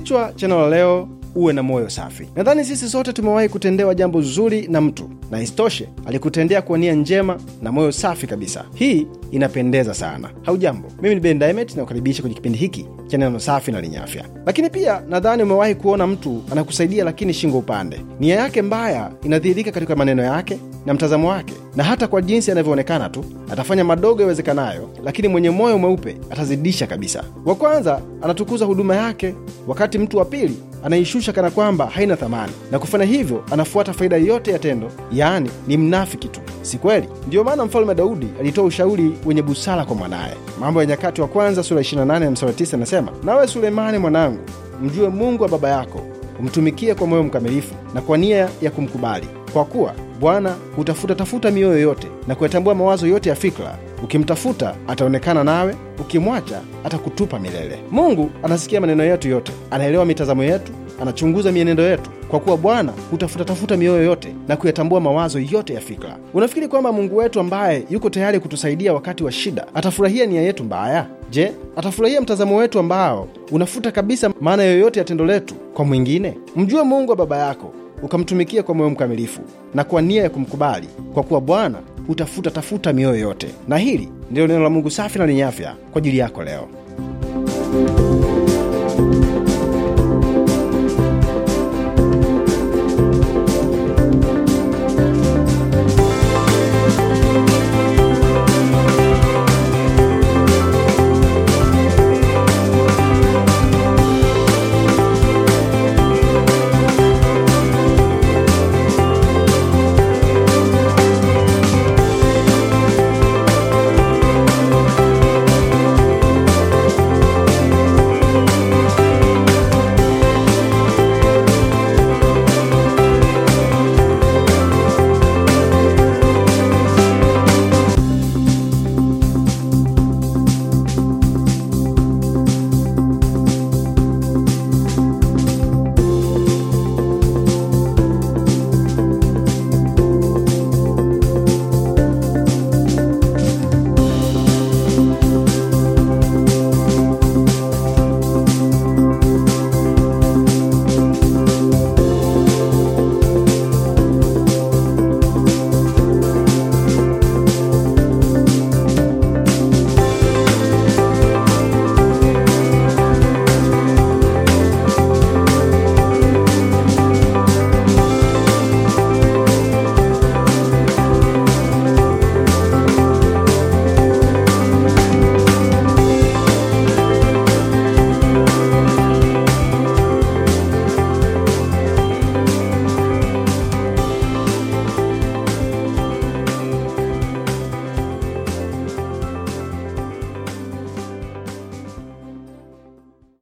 Kichwa cha neno la leo, uwe na moyo safi. Nadhani sisi sote tumewahi kutendewa jambo zuri na mtu, na isitoshe alikutendea kwa nia njema na moyo safi kabisa. Hii inapendeza sana. Haujambo, mimi ni Ben dimet na kwenye kipindi hiki cha neno safi na lenye afya. Lakini pia nadhani umewahi kuona mtu anakusaidia, lakini shingo upande, nia yake mbaya inadhihirika katika maneno yake na mtazamo wake na hata kwa jinsi yanavyoonekana tu atafanya madogo yawezekanayo, lakini mwenye moyo mweupe atazidisha kabisa. Wa kwanza anatukuza huduma yake, wakati mtu wa pili anaishusha kana kwamba haina thamani, na kufanya hivyo anafuata faida yote ya tendo, yaani ni mnafiki tu, si kweli? Ndiyo maana Mfalme Daudi alitoa ushauri wenye busara kwa mwanaye. Mambo ya Nyakati wa Kwanza sura 28 na mstari 9 anasema, nawe Sulemani mwanangu, mjue Mungu wa baba yako, umtumikie kwa moyo mkamilifu na kwa nia ya kumkubali, kwa kuwa Bwana hutafuta tafuta mioyo yote na kuyatambua mawazo yote ya fikra. Ukimtafuta ataonekana nawe, ukimwacha atakutupa milele. Mungu anasikia maneno yetu yote, anaelewa mitazamo yetu, anachunguza mienendo yetu, kwa kuwa Bwana hutafuta tafuta mioyo yote na kuyatambua mawazo yote ya fikra. Unafikiri kwamba Mungu wetu ambaye yuko tayari kutusaidia wakati wa shida atafurahia nia yetu mbaya? Je, atafurahia mtazamo wetu ambao unafuta kabisa maana yoyote ya tendo letu kwa mwingine? Mjue Mungu wa baba yako ukamtumikia kwa moyo mkamilifu na kwa nia ya kumkubali, kwa kuwa Bwana hutafuta tafuta mioyo yote. Na hili ndilo neno la Mungu safi na lenye afya kwa ajili yako leo.